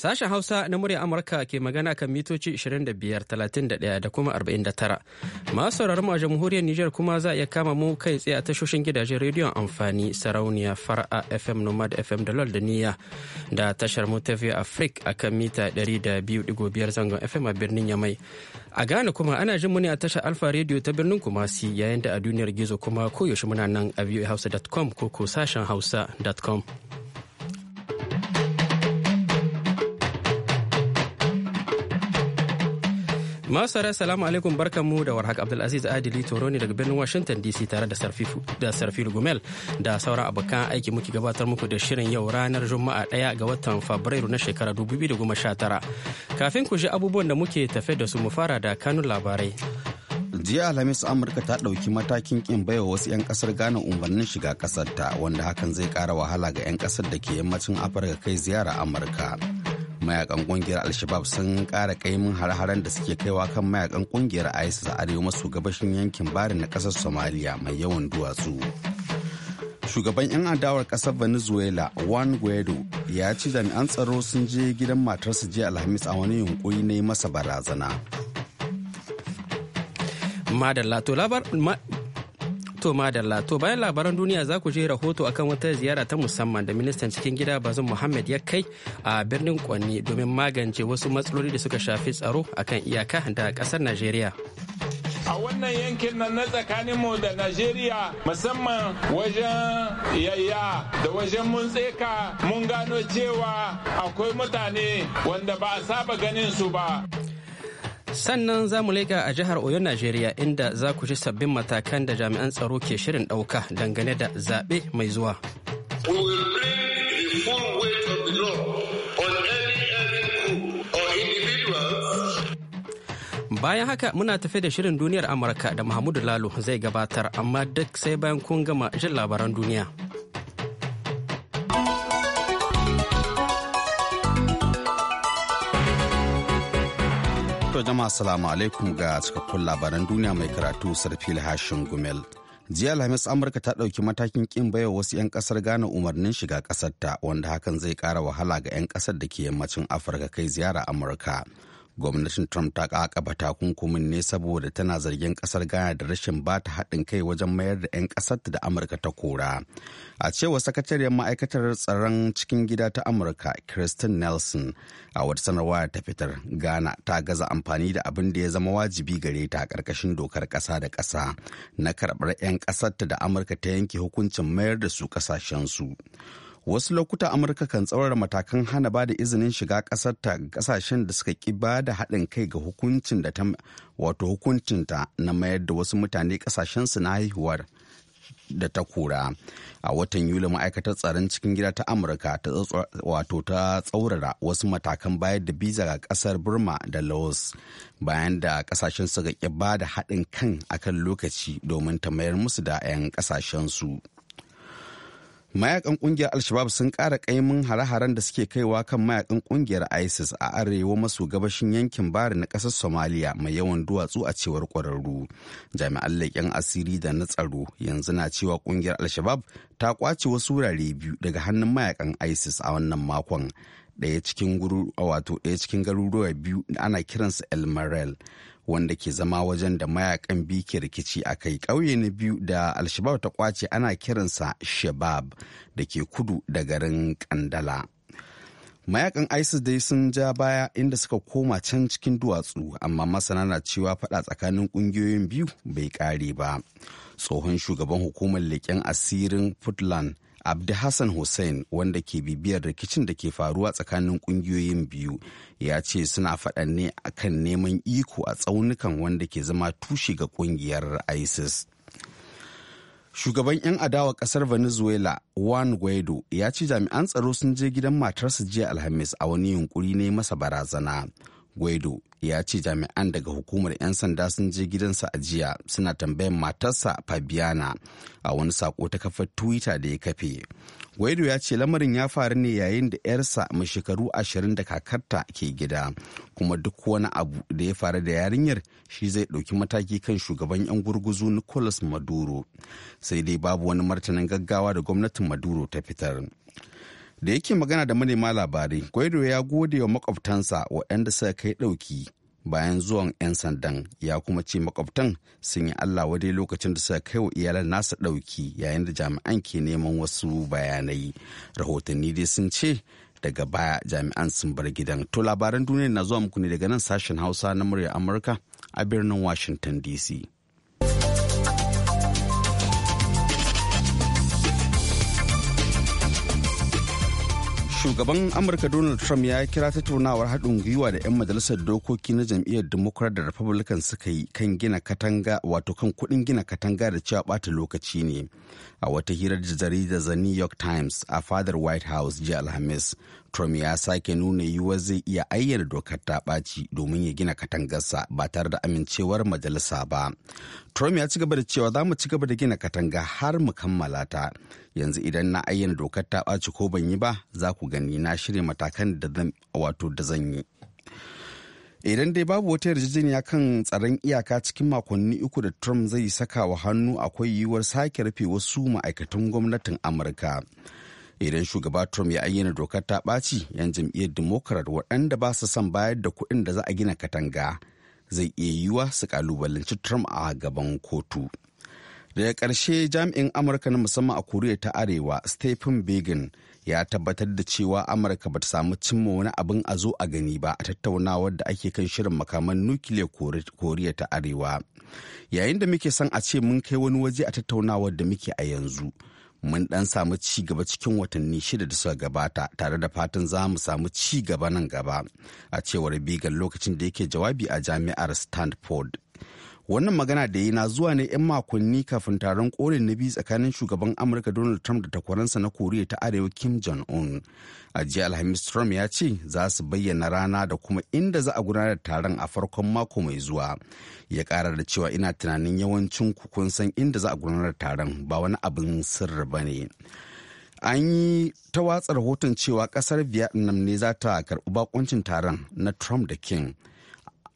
Sashen Hausa na murya Amurka ke magana kan mitoci 25,31 da kuma 49. Masu sauraron mu a jamhuriyar Nijar kuma za a iya kama mu kai tsaye a tashoshin gidajen rediyon amfani sarauniya fara FM Nomad FM da LOL da Niyya da tashar mutafi Afrik a kan mita 200.5 zangon FM a birnin Yamai. A Ghana kuma ana jin muni ne a tashar Alfa Radio ta birnin Kumasi yayin da a duniyar gizo kuma koyaushe muna nan a voahausa.com ko ko sashen hausa.com. Masara salamu alaikum mu da warhaka Abdulaziz Adili Toro daga birnin Washington DC tare da Sarfifu da Sarfilu Gumel da sauran abokan aiki muke gabatar muku da shirin yau ranar Juma'a ɗaya ga watan Fabrairu na shekara 2019. Kafin ku ji abubuwan da muke tafe da su mu fara da kanun labarai. jiya alhamis amurka ta ɗauki matakin ƙin baiwa wasu 'yan ƙasar ghana umarnin shiga ƙasarta wanda hakan zai ƙara wahala ga 'yan ƙasar da ke yammacin afirka kai ziyara amurka mayakan kungiyar alshabab sun kara kaimin har-haren da suke kaiwa kan mayakan kungiyar isis a arewa maso gabashin yankin barin na kasar somalia mai yawan duwatsu shugaban 'yan adawar kasar venezuela juan guaido ya ci jami'an tsaro sun je gidan matarsa jiya alhamis a wani yunkuri na masa barazana To madalla to bayan labaran duniya za ku je rahoto akan wata ziyara ta musamman da ministan cikin gida bazum Muhammad ya kai a birnin Kwanni domin magance wasu matsaloli da suka shafi tsaro akan iyaka da kasar Najeriya. a wannan yankin nan na tsakanin mu da Najeriya musamman wajen yayya da wajen mun tseka mun gano cewa akwai mutane wanda ba a saba ganin su ba. sannan za mu leƙa a jihar oyo najeriya inda za ku ji sabbin matakan da jami'an tsaro ke shirin ɗauka dangane da zaɓe mai zuwa bayan haka muna tafe da shirin duniyar amurka da mahmudu lalo zai gabatar amma duk sai bayan kun gama jin labaran duniya. To jama'a assalamu alaikum ga cikakkun labaran duniya mai karatu sarfil hashin gumel. Jiya Alhamis Amurka ta ɗauki matakin ƙin baiwa wasu 'yan ƙasar gane umarnin shiga ƙasarta wanda hakan zai ƙara wahala ga 'yan ƙasar da ke yammacin Afirka kai ziyara Amurka. gwamnatin trump ta kakaba takunkumin ne saboda tana zargin kasar ghana da rashin ba ta haɗin kai wajen mayar da 'yan ƙasarta da amurka ta kora a cewa sakatariyar ma'aikatar tsaron cikin gida ta amurka kristen nelson a wata sanarwa ta fitar ghana ta gaza amfani da abin da ya zama wajibi gare ta ƙarƙashin dokar ƙasa da ƙasa na karɓar 'yan ƙasarta da amurka ta yanke hukuncin mayar da su ƙasashensu. su wasu lokuta amurka kan tsaurara matakan hana ba da izinin shiga kasar ga kasashen da suka ki ba da haɗin kai ga hukuncin da ta wato hukuncinta na mayar da wasu mutane kasashen su na haihuwar da ta kura a watan yuli ma'aikatar tsaron cikin gida ta amurka ta wato ta tsaurara wasu matakan bayar da biza ga kasar burma da laos bayan da kasashen suka ƙi ba da haɗin kan akan lokaci domin ta mayar musu da 'yan kasashen su mayakan kungiyar alshabab sun ƙara kaimin hare-haren da suke kaiwa kan mayakan kungiyar isis a arewa maso gabashin yankin bari na ƙasar somaliya mai yawan duwatsu a cewar kwararru jami'an leƙen asiri da na tsaro yanzu na cewa kungiyar alshabab ta kwace wasu wurare biyu daga hannun mayakan isis a wannan makon daya cikin ɗaya cikin garuruwa biyu ana kiransu el marel wanda ke zama wajen da mayakan biyu ke rikici a kai ƙauye na biyu da alshabab ta kwace ana kiransa shabab da ke kudu da garin kandala mayakan isis dai sun ja baya inda suka koma can cikin duwatsu amma masana na cewa fada tsakanin kungiyoyin biyu bai kare ba tsohon shugaban hukumar leƙen asirin puntland abdi hassan hussein wanda ke bibiyar rikicin da ke faruwa tsakanin kungiyoyin biyu ya ce suna faɗan ne kan neman iko a tsaunukan wanda ke zama tushe ga kungiyar isis shugaban 'yan adawa kasar venezuela juan guaido ya ce jami'an tsaro sun je gidan matarsa jiya alhamis a wani yunkuri ne masa barazana guaido ya ce jami'an daga hukumar 'yan sanda sun je gidansa a jiya suna tambayan matarsa fabiana a wani sako ta kafar twitter da ya kafe Waido ya ce lamarin ya faru ne yayin da 'yarsa mai shekaru ashirin da kakarta ke gida kuma duk wani abu da ya faru da yarinyar shi zai ɗauki mataki kan shugaban 'yan gurguzu nicolas maduro sai dai babu wani martanin gaggawa da gwamnatin maduro ta fitar da yake magana da manema labarai gwaido ya gode wa makwabtansa waɗanda suka kai ɗauki bayan zuwan 'yan sandan ya kuma ce makwabtan sun yi allah wadai lokacin da suka kai wa iyalan nasa ɗauki yayin da jami'an ke neman wasu bayanai rahotanni dai sun ce daga baya jami'an sun bar gidan to labaran duniya na zuwa muku ne daga nan sashen hausa na murya amurka a birnin washington dc shugaban amurka donald trump ya kira tattaunawar haɗin gwiwa da 'yan majalisar dokoki na jam'iyyar democrat da republican suka yi kan gina katanga wato kan kuɗin gina katanga da cewa bata lokaci ne a wata hirar da jaridar the new york times a fadar white house jiya alhamis Trump ya sake nuna yiwuwar zai iya ayyana dokar ta ɓaci domin ya gina katangarsa ba tare da amincewar majalisa ba. Trump ya ci gaba da cewa za mu ci gaba da gina katanga har mu kammala ta. Yanzu idan na ayyana dokar ta ɓaci ko ban yi ba, za ku gani na shirya matakan da zan wato da zan yi. idan dai babu wata yarjejeniya kan tsaron iyaka cikin makonni uku da trump zai saka wa hannu akwai yiwuwar sake rufe wasu ma'aikatan gwamnatin amurka idan shugaba trump ya ayyana dokar ta ɓaci yan jam'iyyar democrat waɗanda ba su son bayar da kuɗin da za a gina katanga zai iya yiwuwa su kalubalanci trump a gaban kotu daga ƙarshe jami'in amurka na musamman a koriya ta arewa stephen begin ya tabbatar da cewa amurka ba ta samu cimma wani abin a zo a gani ba a tattaunawar da ake kan shirin makaman nukiliya koriya ta arewa yayin da muke son a ce mun kai wani waje a tattaunawar da muke a yanzu mun dan samu ci gaba cikin watanni shida da suka gabata tare da fatan za mu samu ci gaba nan gaba a cewar bigan lokacin da yake jawabi a jami'ar stanford wannan magana da yi na zuwa ne 'yan makonni kafin taron kolin na biyu tsakanin shugaban amurka donald trump da takwaransa na koriya ta arewa kim jong-un a jiya alhamis trump ya ce za su bayyana rana da kuma inda za a gudanar da taron a farkon mako mai zuwa ya kara da cewa ina tunanin yawancin ku kun san inda za a gudanar da taron ba wani abin sirri ba ne an yi ta watsa rahoton cewa ƙasar vietnam ne za ta karɓi baƙuncin taron na trump da king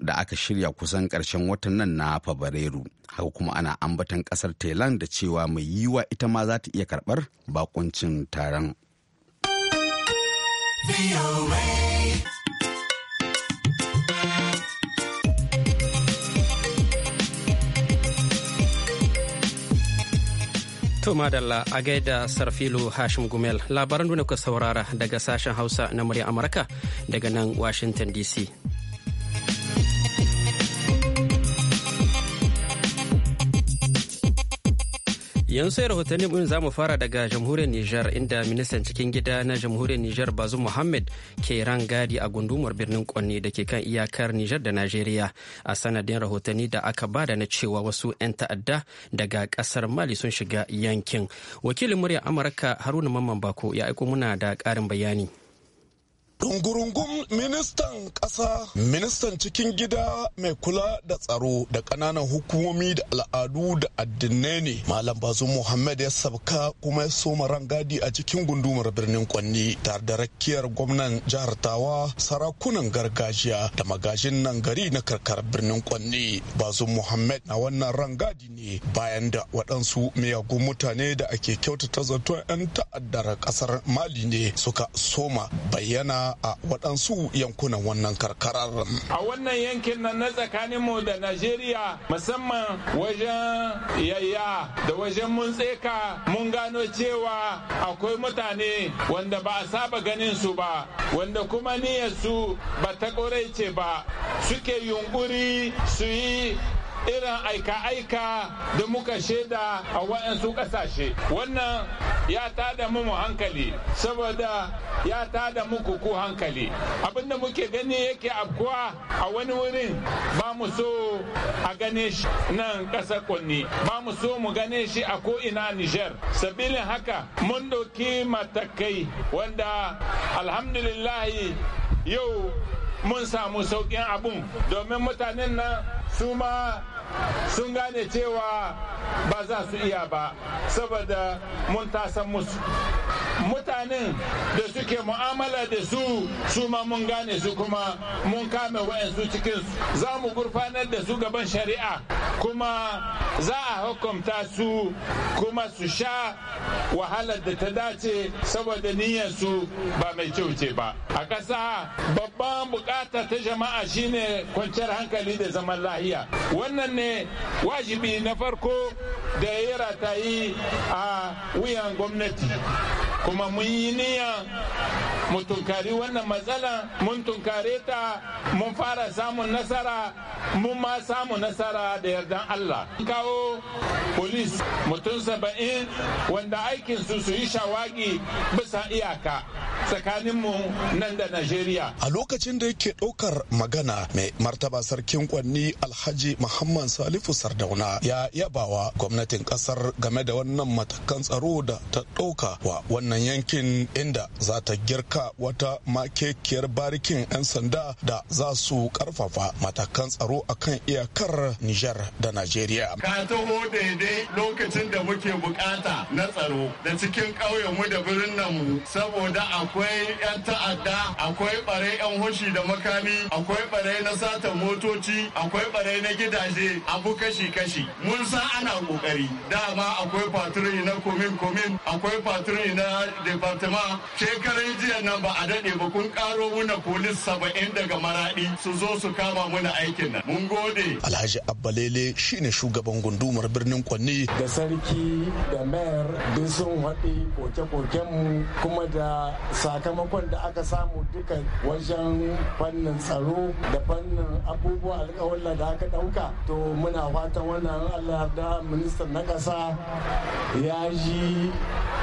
da aka shirya kusan ƙarshen watan nan na fabrairu haka kuma ana ambatan ƙasar thailand da cewa mai yiwa ita ma za ta iya karbar bakuncin taron To madalla a gaida Sarfilu Hashim Gumel labaran da kuka saurara daga sashen Hausa na murya Amurka daga nan Washington DC. yanzu sai rahotanni mun za mu fara daga jamhuriyar Nijar inda ministan cikin gida na jamhuriyar Nijar bazu Muhammad ke gadi a gundumar birnin Kwanne da ke kan iyakar Nijar da Najeriya a sanadin rahotanni da aka ba da na cewa wasu 'yan ta'adda daga kasar Mali sun shiga yankin. Wakilin murya Amurka Haruna Mamman Bako ya aiko muna da ƙarin bayani. Dungurungun ministan ƙasa, ministan cikin gida mai kula da tsaro da ƙananan hukumomi da al'adu da addinai ne. Malam Bazu Muhammad ya sabka kuma ya soma rangadi a cikin gundumar birnin Kwanni tare da rakiyar gwamnan jihar Tawa sarakunan gargajiya da magajin nan gari na karkar birnin Kwanni. Bazu Muhammad na wannan rangadi ne bayan da waɗansu miyagun mutane da ake kyautata zaton 'yan ta'addar ƙasar Mali ne suka soma bayyana a waɗansu yankunan wannan karkarar. A wannan yankin nan na tsakanin mu da Najeriya musamman wajen yayya da wajen mun tseka mun gano cewa akwai mutane wanda ba a saba ganin su ba wanda kuma niyyar su ba ta ce ba suke yunƙuri su yi irin aika-aika da muka shaida a waɗansu ƙasashe wannan ya tada mu hankali saboda ya tada muku ku hankali abinda muke gani yake afkuwa a wani wurin ba mu so a gane shi nan ƙasar kunni ba mu so mu gane shi a ko'ina nijar sabilin haka mun ɗauki matakai wanda alhamdulillahi yau mun samu sauƙin abun domin mutanen nan su ma sun gane cewa ba za su iya ba saboda mun tasan musu mutanen da suke mu'amala da su su ma mun gane su kuma mun kame wa'yansu cikin za mu gurfanar da su gaban shari'a kuma za a hukumta su kuma su sha wahalar da ta dace saboda niyyar su ba mai kyau ce ba a ƙasa babban bukata ta jama'a shine kwanciyar hankali da zaman lahiya wannan ne wajibi na farko da ya ratayi a wuyan gwamnati kuma mun yi niyya mu tunkari wannan matsala mun tunkare ta mun fara samun nasara mun ma samu nasara da yardan Allah. kawo polis mutum saba'in wanda aikinsu su su yi shawagi bisa iyaka tsakaninmu nan da Najeriya. A lokacin da yake ɗaukar magana mai martaba sarkin kwanni Alhaji Muhammad Salifu Sardauna ya yabawa gwamnatin ƙasar game da wannan matakan tsaro da ta ɗauka wa wannan yankin inda za ta girka wata makekiyar barikin 'yan sanda da za su karfafa matakan tsaro akan iyakar Nijar da Najeriya. Ka taho daidai lokacin da muke bukata na tsaro da cikin ƙauyenmu da birnin mu saboda akwai akwai 'yan ta'adda akwai bare 'yan hushi da makami akwai bare na satan motoci akwai bare na gidaje abu kashi-kashi mun san ana kokari dama akwai faturi na komin-komin akwai faturi na departama shekarun jiya nan ba a daɗe ba kun karo muna polis saba'in daga maraɗi su zo su kama muna aikin nan mun gode alhaji abbalele shine shugaban gundumar birnin kwanni da sarki da mayar duk sun haɗi koke-koken mu kuma da sakamakon da aka samu duka wajen fannin tsaro da fannin abubuwa alkawalla da aka dauka to muna fatan wannan allah da ministan na kasa ya ji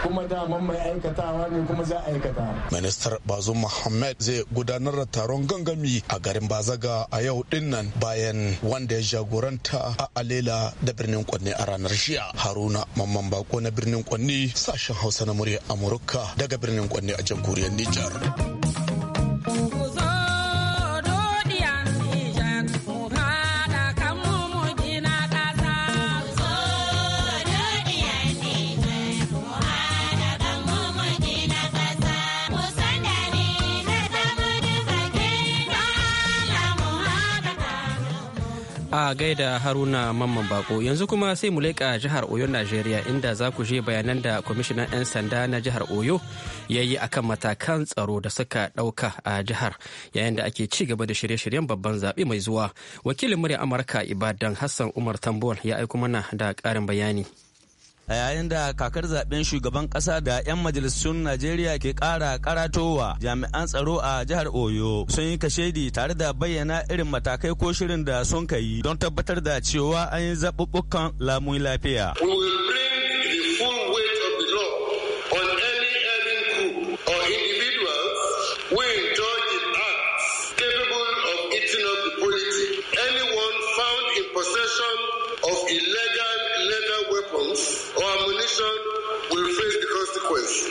kuma daman mai aikatawa ne kuma za aikata ministar Bazu muhammad zai gudanar da taron gangami a garin bazaga a yau dinnan bayan wanda ya jagoranta a alela da birnin kwanne a ranar jiya haruna mamman bako na birnin kwanne sashen hausa na murya amurka daga birnin kwanne a jamhuriyar jamhuriyar Nijar. a gaida haruna mamman bako yanzu kuma sai mu leƙa jihar oyo najeriya inda za ku je bayanan da kwamishinan 'yan sanda na jihar oyo ya yi akan matakan tsaro da suka ɗauka a jihar yayin da ake ci gaba da shirye-shiryen babban zaɓe mai zuwa wakilin murya amurka ibadan hassan umar tambol ya aiko mana da ƙarin bayani a yayin da kakar zaben shugaban kasa da 'yan majalisun najeriya ke kara karatowa jami'an tsaro a jihar oyo sun yi kashedi tare da bayyana irin matakai ko shirin da sun kai don tabbatar da cewa an yi zaɓuɓɓukan lamun lafiya.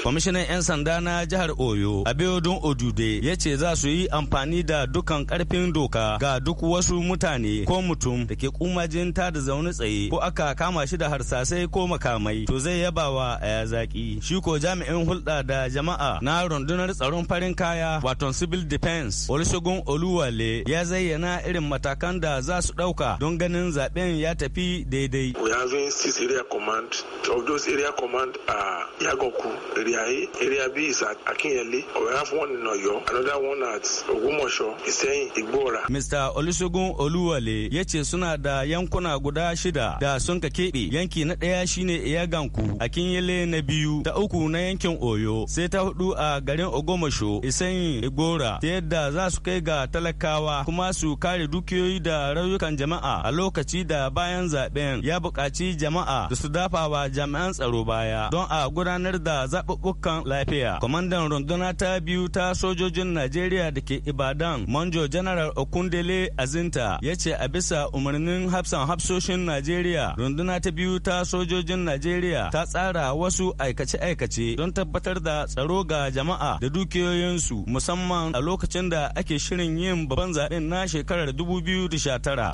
kwamishinan 'yan sanda na jihar oyo abiodun odude ya ce za su yi amfani da dukan karfin doka ga duk wasu mutane ko mutum da ke kumajin ta da zaune tsaye ko aka kama shi da harsasai ko makamai to zai yaba wa a zaki shi ko jami'in hulɗa da jama'a na rundunar tsaron farin kaya wato civil defense olusegun oluwale ya zayyana irin matakan da za su ɗauka don ganin zaben ya tafi daidai. We having six area command. Of those area command are Yagoku, Area A, Area B is at Akinyele. We have one in Oyo, another one at Ogumosho, saying Igbora. Mr. Olusogun Oluwale ya ce suna da yankuna guda shida da sun ka keɓe. Yanki na ɗaya shine Iyaganku, Akinyele na biyu, ta uku na yankin Oyo, sai ta hudu a garin Ogomosho, Iseyin, Igbora, ta yadda za su kai ga talakawa kuma su kare dukiyoyi da rayukan jama'a a lokaci da bayan zaben ya buƙaci jama'a da su wa jami'an tsaro baya don a gudanar da zaɓuɓɓuka zaɓuɓɓukan lafiya. Kwamandan runduna ta biyu ta sojojin Najeriya da ke Ibadan, Manjo Janaral Okundele Azinta, ya ce a bisa umarnin hafsan hafsoshin Najeriya, runduna ta biyu ta sojojin Najeriya ta tsara wasu aikace-aikace don tabbatar da tsaro ga jama'a da dukiyoyinsu musamman a lokacin da ake shirin yin babban zaɓen na shekarar 2019.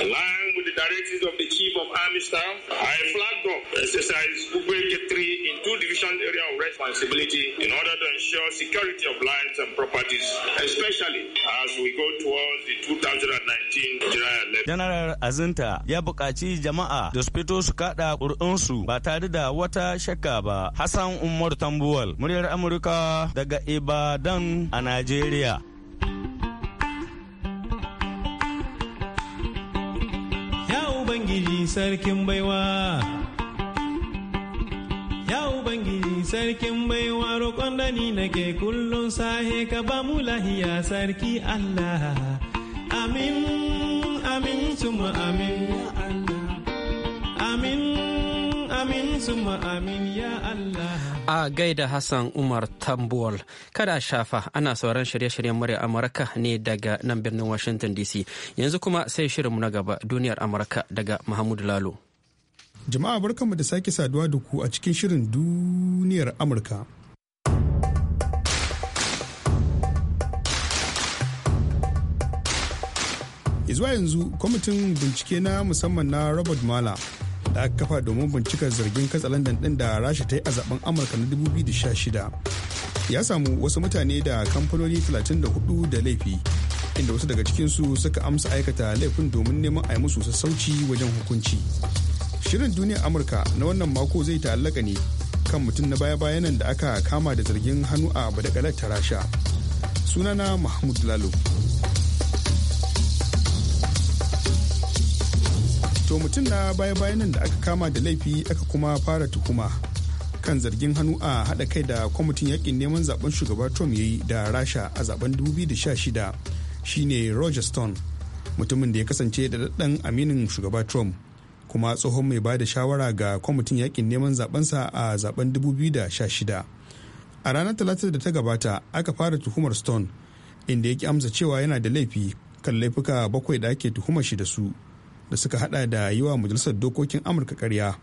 directives of the Chief of Army Staff, I flagged up exercise Ubeke 3 in two division area of responsibility in order to ensure security of lives and properties, especially as we go towards the 2019 general election. General Azinta ya jama'a da su fito su kaɗa ƙuri'unsu ba Hassan Umar Tambuwal, muryar Amurka daga Ibadan a Najeriya. Ubangiji sarkin baiwa. Ya Ubangiji sarkin baiwa roƙon da ni nake kullum sahe ka ba mu lahiya sarki Allah. Amin, amin, tuma amin. Amin. amin suma amin ya Allah. A gaida Hassan Umar Tambuwal, kada a shafa ana sauran shirye-shiryen murya Amurka ne daga nan birnin Washington DC. Yanzu kuma sai shirinmu na gaba duniyar Amurka daga Muhammadu Lalo. Jama'a barkanmu da sake saduwa da ku a cikin shirin duniyar Amurka. izuwa yanzu kwamitin bincike na musamman na robert mala da aka kafa domin bincikar zargin katsalandan din da rasha ta yi a zaben amurka na 2016 ya samu wasu mutane da kamfanoni 34 da laifi inda wasu daga cikinsu suka amsa aikata laifin domin neman a yi musu sassauci wajen hukunci shirin duniya amurka na wannan mako zai ta'allaka ne kan mutum na baya bayanan da aka kama da zargin hannu a badakalar ta rasha sunana mahmud lalo to mutum na baya-bayan nan da aka kama da laifi aka kuma fara tuhuma kan zargin hannu a haɗa kai da kwamitin yakin neman zaben shugaba ya yi da rasha a zaben 2016 shine roger stone mutumin da ya kasance da daddan aminin shugaba trump kuma tsohon mai bada shawara ga kwamitin yakin neman zabensa a zaben 2016 a ranar talatar da ta gabata aka fara tuhumar stone inda ya amsa cewa yana da laifi kan laifuka bakwai da ake tuhumar shi da su da suka hada da yi wa majalisar dokokin amurka karya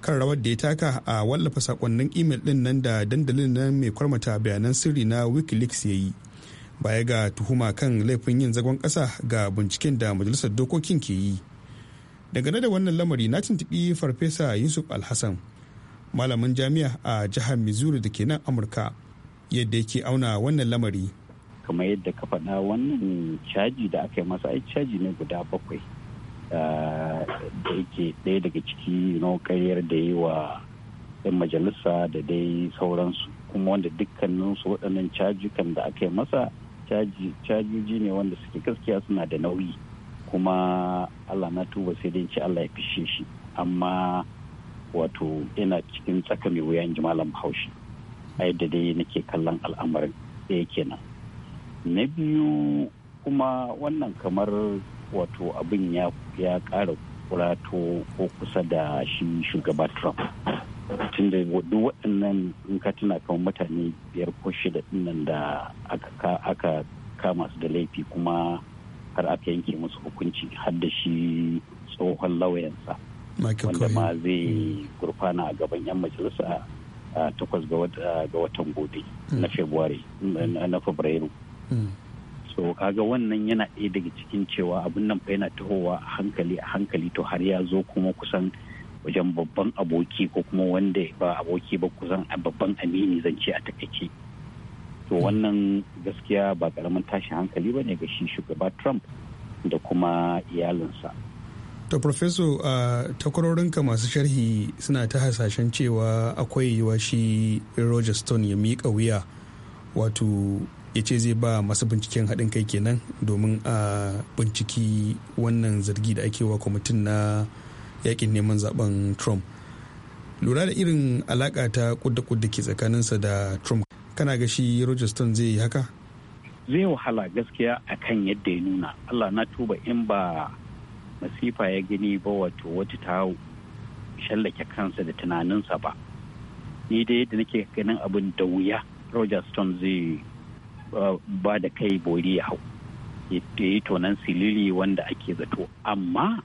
kan rawar da ya taka a wallafa sakonnin imel din nan da dandalin nan mai kwarmata bayanan sirri na wikileaks ya yi baya ga tuhuma kan laifin yin zagon kasa ga binciken da majalisar dokokin ke yi dangane da wannan lamari na tuntubi farfesa yusuf alhassan malamin jami'a a jihar missouri da ke nan amurka yadda yake auna wannan lamari kamar yadda ka faɗa wannan caji da aka yi masa ai caji ne guda bakwai da yake ɗaya daga ciki karyar da yi wa 'yan majalisa da dai sauransu kuma wanda dukkaninsu waɗannan cajukan da aka yi masa cajuji ne wanda suke gaskiya suna da nauyi kuma allah na tuba sai dai ci allah ya fishe shi amma wato yana cikin tsaka mai wuyan malam haushi a yadda dai nake kallon al'amarin ɗaya kenan na biyu kuma wannan kamar wato abin ya ƙara kurato ko kusa da shi shugaba trump tunda duk waɗannan in ka tuna kan mutane biyar ko shida nan da aka kama su da laifi kuma har aka yanke musu hukunci har da shi tsohon lauyansa wanda ma zai mm. gurfana a gaban 'yan majalisa a takwas ga watan gobe na mm. fabrairu mm. so kaga wannan yana ɗaya daga cikin cewa abin nan fa yana tahowa a hankali a hankali to har ya zo kuma kusan wajen babban aboki ko kuma wanda ba aboki ba kusan babban amini zance a takaice to wannan gaskiya ba karamin tashin hankali ba ne ga shi shugaba trump da kuma iyalinsa to professor uh, takwarorinka masu sharhi suna ta hasashen cewa akwai yiwa shi roger stone ya miƙa wuya wato ya ce zai ba masu binciken haɗin kai kenan domin a binciki wannan zargi da ake wa kwamitin na yakin neman zaben trump lura da irin alaƙa ta kudda-kudda ke tsakaninsa da trump kana ga shi roger stone zai yi haka zai wahala gaskiya a kan yadda ya nuna allah na tuba in ba masifa ya gani ba wato wata ta shallake kansa da tunaninsa ba ni da yadda nake ganin abin da wuya roger stone zai Uh, ba da kai bori ya hau ya yi tonan siliri wanda ake zato amma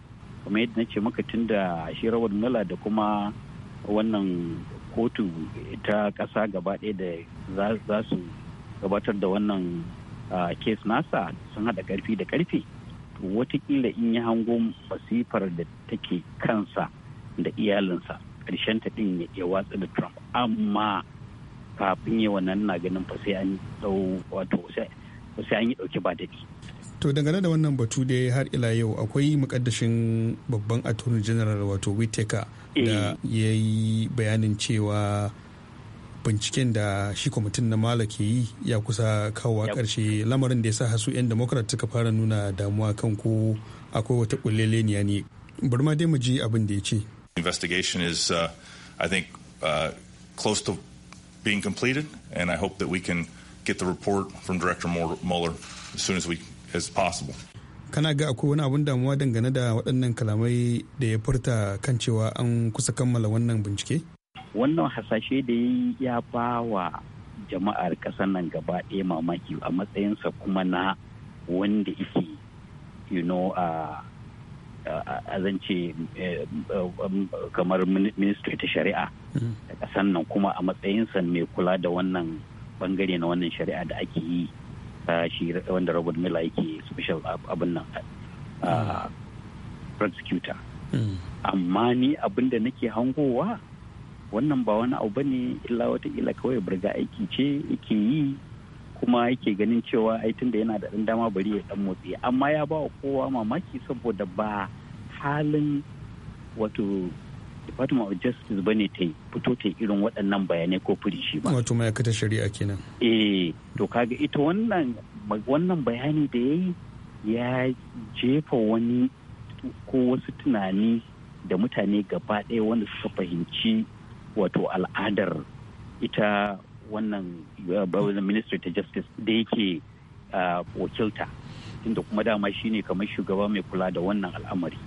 kuma yadda na maka tun da shi rawar nala da kuma wannan kotu ta ƙasa gaba ɗaya da za su gabatar da wannan kes uh, nasa sun haɗa ƙarfi da ƙarfi watakila in ya hango masifar da take kansa da iyalinsa ƙarshen ta ɗin ya watsa da trump amma kafin yi wannan na ganin fa sai an dau wato sai an yi dauki ba dadi to dangane da wannan batu da har ila yau akwai mukaddashin babban attorney general wato whitaker da eh. ya yi bayanin cewa binciken da shi kwamitin na mala ke yi ya kusa kawo karshe lamarin da ya sa hasu 'yan democrat suka fara nuna damuwa kan ko akwai wata kulleleniya ne bari ma dai mu ji abin da ya ce investigation is uh, i think uh, close to being completed, and I hope that we can get the report from Director Mueller as soon as we as possible. kana ga akwai wani abun damuwa dangane da waɗannan kalamai da ya furta kan cewa an kusa kammala wannan bincike? wannan hasashe da ya ba wa jama'ar ƙasar nan gaba ɗaya mamaki a matsayinsa kuma na wanda yake you know, uh, azance eh, kamar ministry ta shari'a da hmm. kasan nan kuma a matsayinsa mai kula da wannan bangare na wannan shari'a da ake yi shi wanda robert miller yake special abin nan prosecutor hmm. amma ni abin da nake hangowa wannan ba wani abu ne illa wata ila kawai burga aiki ce yake yi kuma yake ganin cewa ai tunda yana da ɗan dama bari ya ɗan motsi amma ya ba wa kowa mamaki saboda ba halin wato Department of Justice bane ta yi fito ta irin waɗannan bayanai ko shi ba. Wato ma'aikatar shari'a kenan. Eh, to kaga ita wannan wannan bayani da ya yi ya jefa wani ko wasu tunani da mutane gaba ɗaya wanda suka fahimci wato al'adar ita Uh, wannan ministry ta justice da yake uh, wakilta inda kuma dama ne kamar shugaba mai kula da wannan al'amari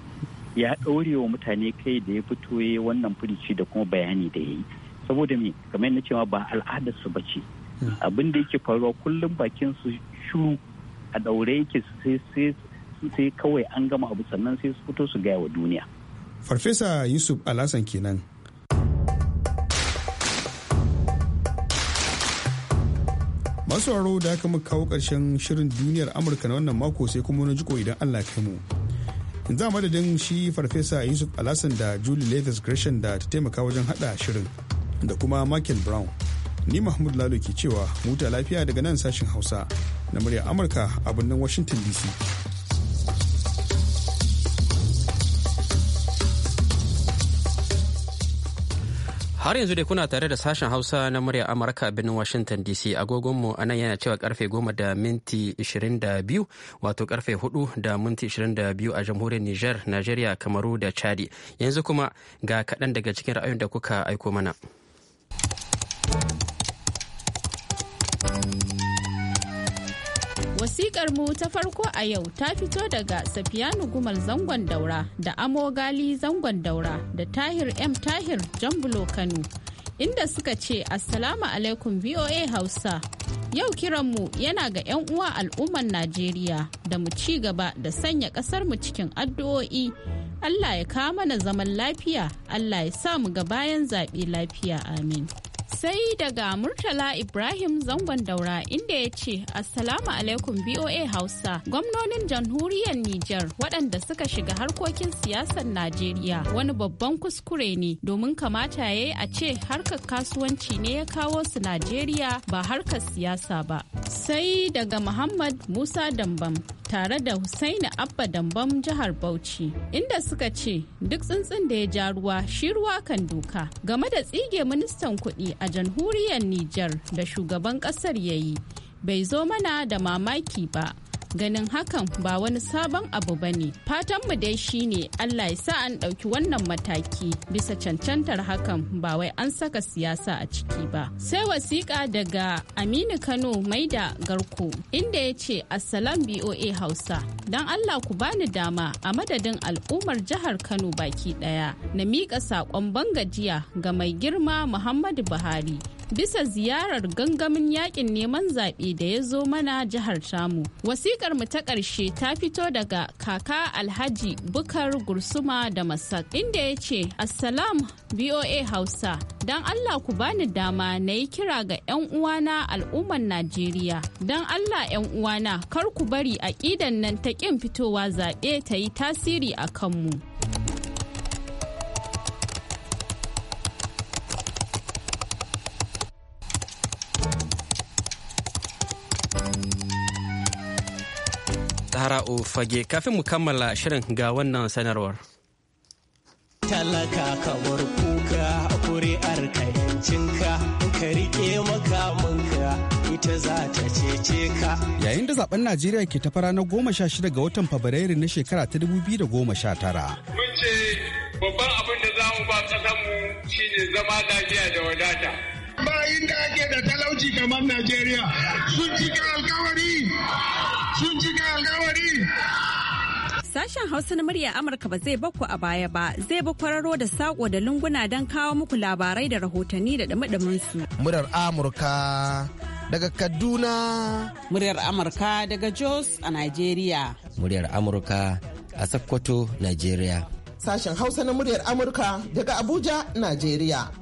ya ɗaure wa mutane kai da ya fito ya wannan furici da kuma bayani da ya yi saboda me kamar yadda cewa ba al'adar su bace hmm. abin da yake faruwa kullum bakin su shuru a ɗaure yake sai kawai an gama abu sannan sai su fito su gaya wa duniya farfesa yusuf alasan kenan masu sauraro da aka muka kawo ƙarshen shirin duniyar amurka na wannan mako sai kuma wani jiko idan allah kai mu yanzu madadin shi farfesa yusuf alasan da julie leathers gresham da ta taimaka wajen hada shirin da kuma michael brown ni mahmud lalo ke cewa muta lafiya daga nan sashen hausa na murya amurka a birnin washington dc Har yanzu dai kuna tare da sashen Hausa na murya Amurka birnin Washington DC agogonmu a nan yana cewa karfe 10 da minti 22 wato karfe 4 da minti 22 a jamhuriyar niger Najeriya, Kamaru da Chadi. Yanzu kuma ga kaɗan daga cikin ra'ayin da kuka aiko mana. Wasikar mu ta farko a yau ta fito daga Safiyanu Gumal Zangon Daura da amogali Zangon Daura da Tahir M Tahir Jambulo Kano. Inda suka ce Assalamu alaikum VOA Hausa. Yau kiranmu yana ga 'yan uwa al'ummar Najeriya da mu ci gaba da sanya ƙasarmu cikin addu'o'i. Allah ya kama mana zaman lafiya, Allah ya sa mu ga bayan zaɓe lafiya amin. Sai daga Murtala Ibrahim zangon daura inda ya ce, Assalamu alaikum BOA Hausa, gwamnonin jamhuriyar Nijar waɗanda suka shiga harkokin siyasar Najeriya wani babban kuskure ne domin kamata ya a ce harkar kasuwanci ne ya kawo su Najeriya ba harkar siyasa ba. Sai daga Muhammad Musa Dambam tare da Hussaini Abba Dambam jihar Bauchi inda suka ce duk tsuntsun da ya ja ruwa shi ruwa kan doka game da tsige ministan kuɗi a jamhuriyar Nijar da shugaban ƙasar ya yi bai zo mana da mamaki ba ganin hakan ba wani sabon abu ba ne fatanmu dai shine allah ya sa an ɗauki wannan mataki bisa cancantar hakan ba wai an saka siyasa a ciki ba sai wasiƙa daga aminu kano mai da garko inda ya ce assalam boa hausa don allah ku bani dama a madadin al'ummar jihar kano baki ɗaya na miƙa saƙon bangajiya ga mai girma muhammadu buhari bisa ziyarar gangamin yakin neman zaɓe da ya zo mana jihar tamu wasiƙa Wasikar mu ta ƙarshe ta fito daga kaka Alhaji Bukar Gursuma da Masak inda ya ce, Assalam BOA Hausa, don Allah ku bani dama na yi kira ga 'yan uwana al'umman Najeriya. Don Allah 'yan uwana kar ku bari aƙidan nan ta ƙin fitowa zaɓe ta yi tasiri a kanmu. zahra'u fage kafin mu kammala shirin ga wannan sanarwar talaka kamar kuka kuri'ar ka yancinka ka rike makamanka ita za ta cece ka yayin da zaben najeriya ke tafara na goma sha shida ga watan fabrairu na shekara ta dubu biyu da goma sha tara mun ce babban abin da za mu ba shi ne zama lafiya da wadata bayin da ake da talauci kamar najeriya sun cika alkawari sun ci Sashen Hausa na murya Amurka ba zai baku a baya ba, zai bi kwararo da sako da lunguna don kawo muku labarai da rahotanni da dumi su. Murar Amurka daga Kaduna. Muryar Amurka daga Jos a Najeriya. Muryar Amurka a Sokoto, Najeriya. Sashen Hausa na muryar Amurka daga Abuja, Najeriya.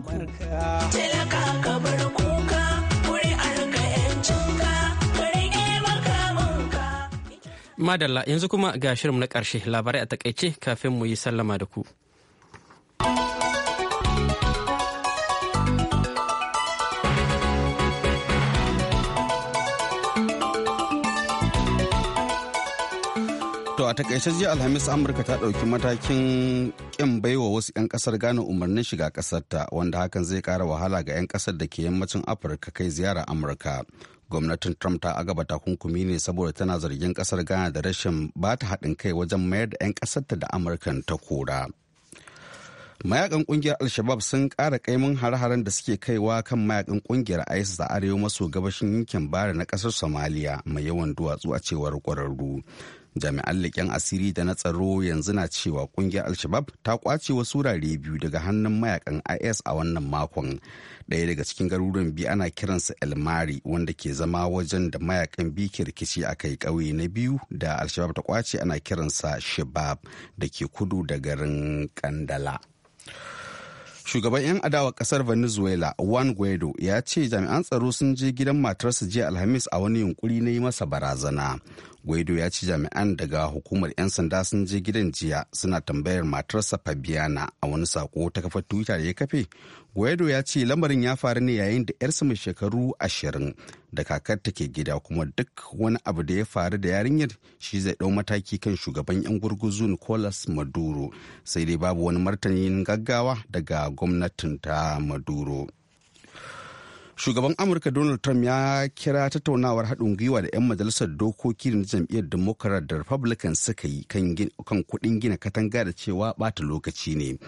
ku. Madalla yanzu kuma ga shirin na ƙarshe labarai a takaice kafin mu yi sallama da ku. a takaice jiya Alhamis Amurka ta ɗauki matakin ƙin baiwa wasu 'yan ƙasar Ghana umarnin shiga ƙasarta wanda hakan zai kara wahala ga 'yan ƙasar da ke yammacin Afirka kai ziyara Amurka. Gwamnatin Trump ta agaba takunkumi ne saboda tana zargin ƙasar Ghana da rashin ba ta haɗin kai wajen mayar da 'yan ƙasarta da Amurkan ta kora. mayakan kungiyar al-shabab sun kara kaimin har haren da suke kaiwa kan mayakan kungiyar isis a arewa maso gabashin yankin bara na kasar somalia mai yawan duwatsu a cewar kwararru jami'an leƙen asiri da na tsaro yanzu na cewa ƙungiyar alshabab ta kwace wasu wurare biyu daga hannun mayakan is a wannan makon ɗaya daga cikin garuruwan biyu ana kiransa elmari wanda ke zama wajen da mayakan biyu ke rikici a kai ƙauye na biyu da alshabab ta kwace ana kiransa shabab da ke kudu da garin kandala shugaban 'yan adawa kasar venezuela juan guaido ya ce jami'an tsaro sun je gidan matarsa jiya alhamis a wani yunkuri na yi masa barazana Guaido ya ci jami'an daga hukumar 'yan sanda sun je gidan jiya suna tambayar matarsa Fabiana a wani sako ta kafar Twitter da ya kafe. Guaido ya ce lamarin ya faru ne yayin da 'yarsa mai shekaru ashirin da kakar ke gida kuma duk wani abu da ya faru da yarinyar shi zai ɗau mataki kan shugaban 'yan gurguzu Nicolas Maduro sai dai babu wani martanin gaggawa daga gwamnatin ta Maduro. shugaban amurka donald trump ya kira tattaunawar haɗin gwiwa da 'yan majalisar dokoki da jam'iyyar democrat da republican suka yi kan kuɗin gina katanga da cewa bata lokaci ne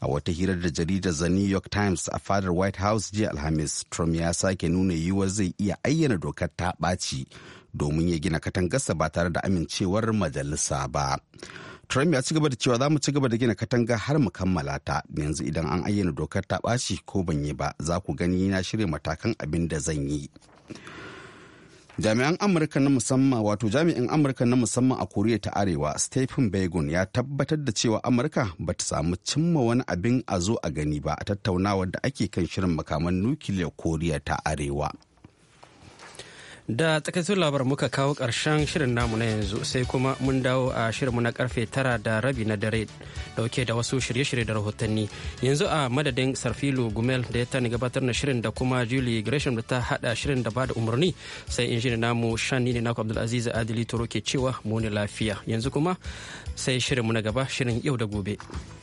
a wata hirar da jaridar the new york times a fadar white house jiya alhamis trump ya sake nuna yiwuwar zai iya ayyana dokar ta ɓaci domin ya gina katangarsa ba tare da amincewar majalisa ba. Trump ya ci gaba da cewa za mu ci gaba da gina katanga har mu kammala ta yanzu idan an ayyana dokar ta ɓaci ko ban yi ba za ku gani na shirya matakan abin da zan yi. jami'an amurka na musamman wato jami'in amurka na musamman a koriya ta arewa stephen begun ya tabbatar da cewa amurka ba ta samu cimma wani abin a zo a gani ba a tattaunawar da ake kan shirin makaman nukiliyar koriya ta arewa da takaitun labar muka kawo ƙarshen shirin namu na yanzu sai kuma mun dawo a shirinmu na karfe tara da rabi na dare dauke da wasu shirye-shirye da rahotanni yanzu a madadin sarfilu gumel da ya tani gabatar da shirin da kuma julie gresham da ta hada shirin da bada umarni sai in shirin namu shani ne naku abdulaziz adili toro ke cewa mu ne lafiya yanzu kuma sai shirinmu na gaba shirin yau da gobe.